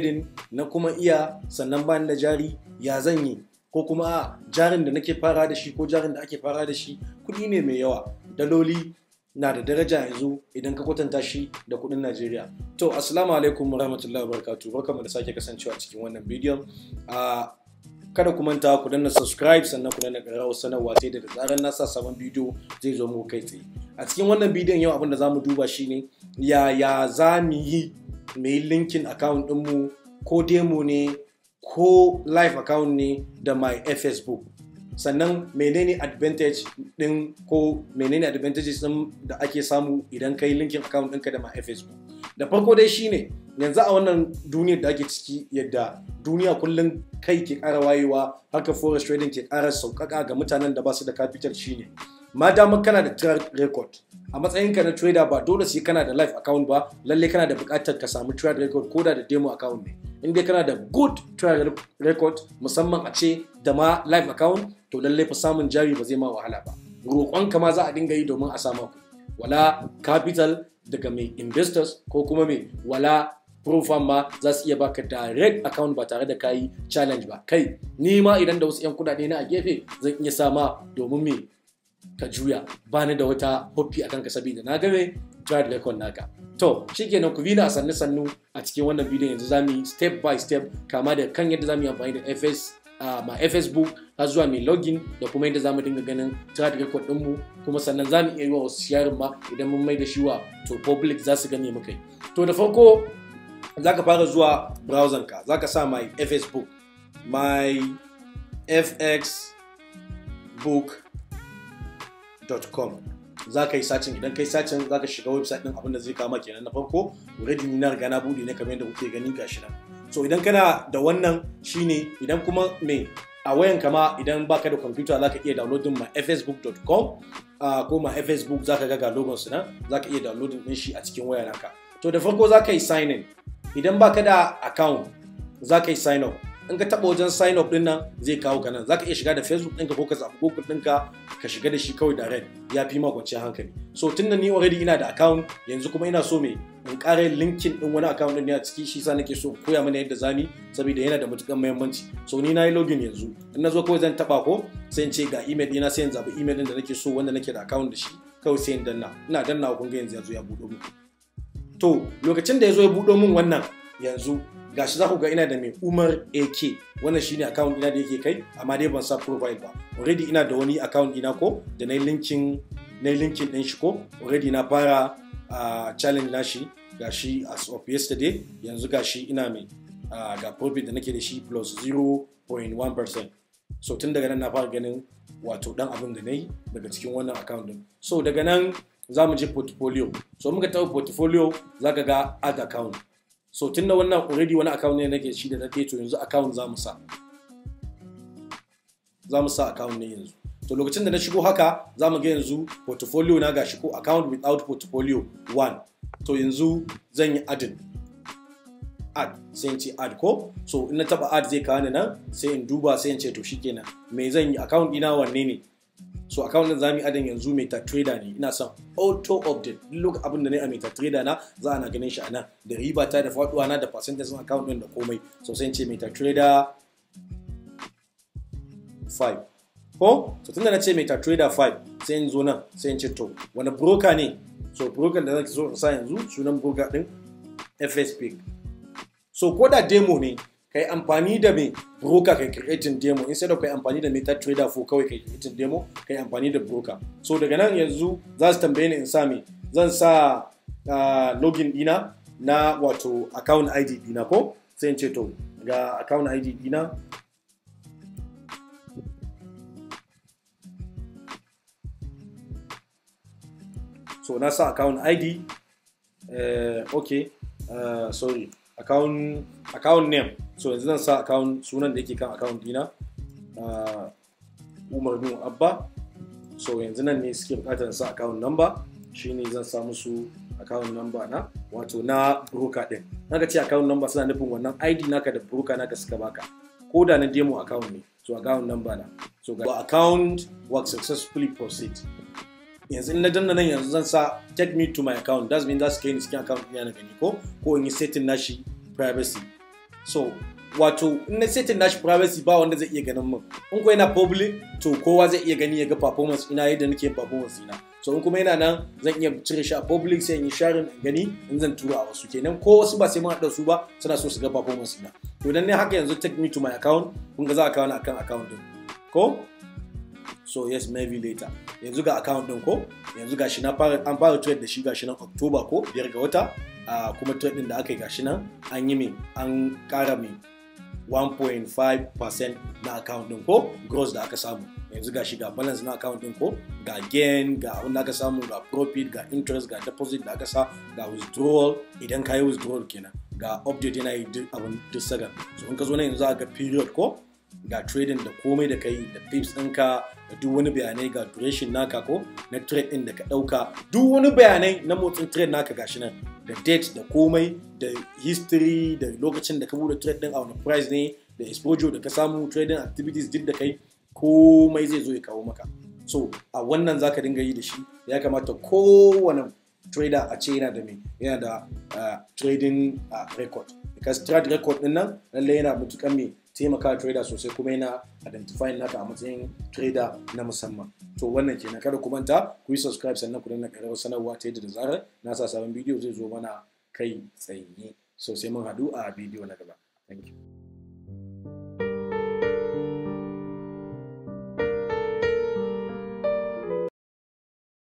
trading na kuma iya sannan bani da jari ya zan yi ko kuma a jarin da nake fara da shi ko jarin da ake fara da shi kuɗi ne mai yawa daloli na da daraja yanzu idan ka kwatanta shi da kuɗin Najeriya. To, assalamu alaikum warahmatullahi wabarakatuh. Barkamu da sake kasancewa cikin wannan bidiyon. kada ku manta ku danna subscribe sannan ku danna ƙararrawar sanarwa sai da zaran na sa sabon bidiyo zai zo muku kai tsaye a cikin wannan bidiyon yau abin da zamu duba shine yaya za mu yi mu yi linkin account ɗinmu ko demo ne ko live account ne da my facebook sannan menene advantage din ko menene advantages din da ake samu idan kai linkin account ɗinka da my facebook da farko dai shine yanzu a wannan duniyar da ake ciki yadda duniya kullum kai ke ƙara wayewa haka forest trading ke ƙara sauƙaƙa ga mutanen da ba su da capital shine ma damar kana da track record a matsayinka na trader ba dole sai kana da live account ba lalle kana da buƙatar ka samu trade record koda da demo account ne in dai kana da good trade record musamman a ce da ma live account to lalle fa samun jari ba zai ma wahala ba roƙon ka ma za a dinga yi domin a sama ku wala capital daga mai investors ko kuma mai wala profan ma za su iya baka direct account ba tare da kayi challenge ba kai ni ma idan da wasu 'yan kudade na a gefe zan iya sama domin me ka juya ba ni da wata hoppi akan ka saboda na game jared record naka to shikenan ku bi a sannu sannu a cikin wannan bidiyon yanzu mu yi step by step kama da kan yadda mu yi amfani da FS ma book har zuwa mai login da kuma yadda zamu dinga ganin jared record dinmu kuma sannan zamu iya yi wa wasu sharing ma idan mun mai da shi wa to public za su gane muka yi to da farko zaka fara zuwa browser ka zaka sa my book. my fx book redminar.com za ka yi sacin idan ka yi sacin za ka shiga website din abinda zai kama kenan na farko redmi na riga na bude ne kamar yadda kuke gani gashi nan so idan kana da wannan shine idan kuma me a wayan kama idan baka da computer za ka iya downloadin ma facebook.com ko ma facebook za ka ga logon su nan za ka iya downloadin din shi a cikin wayar naka to da farko za ka yi sign in idan baka da account za ka yi sign up in ka taba wajen sign up dinnan zai kawo ka nan zaka iya shiga da facebook ɗinka ko ka zaɓi google ɗinka ka shiga da shi kawai direct ya fi ma kwanciyar hankali so tun da ni already ina da account yanzu kuma ina so me in ƙara linkin ɗin wani account ɗin a ciki shi sa nake so koya mana yadda zami saboda yana da matuƙar muhimmanci so ni na yi login yanzu in na zo kawai zan taɓa ko sai in ce ga email ɗina sai in zaɓi email ɗin da nake so wanda nake da account da shi kawai sai in danna ina danna kun ga yanzu ya zo ya buɗo min to lokacin da ya zo ya buɗo min wannan yanzu gashi za ku ga ina da mai Umar AK wannan shine account ina da yake kai amma dai ban sa profile ba already ina da wani account ina ko da na linkin na linkin din shi ko already na fara challenge na shi gashi as of yesterday yanzu gashi ina mai ga profit da nake da shi plus 0.1% so tun daga nan na fara ganin wato dan abin da na daga cikin wannan account din so daga nan za mu je portfolio so muka tawo portfolio za ka ga ad account so tunda wannan already wani account ne nake shi da na to yanzu account za mu sa za mu sa account ne yanzu to lokacin da na shigo haka za mu ga yanzu portfolio na gashi ko account without portfolio one to yanzu zan yi adin ad sai in ce ad ko so in na taba ad zai kawo ni nan sai in duba sai in ce to shikenan me zan yi account ina wanne ne so account din zami adan yanzu metatrader ne ina son auto update duk lokacin abin da ne a metatrader na za ana ganin shi a nan da riba ta da faduwa na da percentage din account din da komai so sai ce metatrader 5 ko so tunda na ce metatrader 5 sai in zo nan sai in ce to wani broker ne so broker da zaki so sai sa yanzu sunan broker din fsp so ko da demo ne kai amfani da mai broker kai creating demo instead of kai amfani da meta trader fo kawai kai creating demo kai amfani da broker so daga nan yanzu za su tambaye ni in sa me zan sa ah, login dina na wato account ID dina ko sai in ce to ga account ID dina so na sa account ID uh, eh, okay uh, sorry account account name so yanzu zan sa account sunan da yake kan account dina umar nu abba so yanzu nan ne suke bukatar sa account number shine zan sa musu account number na wato na broker din naga ce account number suna nufin wannan id naka da broker naka suka baka ko da na demo account ne so account number na so ga account work successfully proceed yanzu in na danna nan yanzu zan sa take me to my account that's mean that's kai ni account ɗina na gani ko ko in yi setting nashi privacy so wato in na setting dash privacy ba wanda zai iya ganin min in ko yana public to kowa zai iya gani ya ga performance ina yadda nake performance ina so in kuma yana nan zan iya cire shi a public sai in yi sharing in gani in zan tura wasu kenan ko wasu ba sai mun haɗa su ba suna so su ga performance ina to dan ne haka yanzu take me to my account kun ga za a kawo akan account din ko so yes maybe later yanzu ga account din ko yanzu gashi na fara an fara trade da shi gashi nan October ko biyar ga wata a kuma ɗin da aka yi gashi nan an yi mai an ƙara mai 1.5% na account ɗin ko gross da aka samu yanzu ga shi ga balance na account din ko ga gain ga abin aka samu ga profit ga interest ga deposit da aka sa ga withdrawal idan ka yi withdrawal kenan ga update yana yi duk abin duk sagan so in ka zo na yanzu aka period ko ga trading da komai da kai da pips ɗinka da duk wani bayanai ga duration naka ko na trade ɗin da ka ɗauka duk wani bayanai na motsin trade naka gashi nan da date da komai da history da lokacin da ka bude trade din a wani price ne da exposure da ka samu trading activities duk da kai komai zai zo ya kawo maka so a wannan zaka dinga yi da shi ya kamata kowane trader a ce yana da me yana da ah, trading ah, record because trade record din nan lallai yana mutukan me taimaka trader sosai kuma yana identifying naka a matsayin trader na musamman to wannan kenan kada ku manta ku yi subscribe sannan ku dinga karar sanarwa ta yadda da zarar na sa sabon bidiyo zai zo mana kai tsaye so sai mun hadu a bidiyo na gaba thank you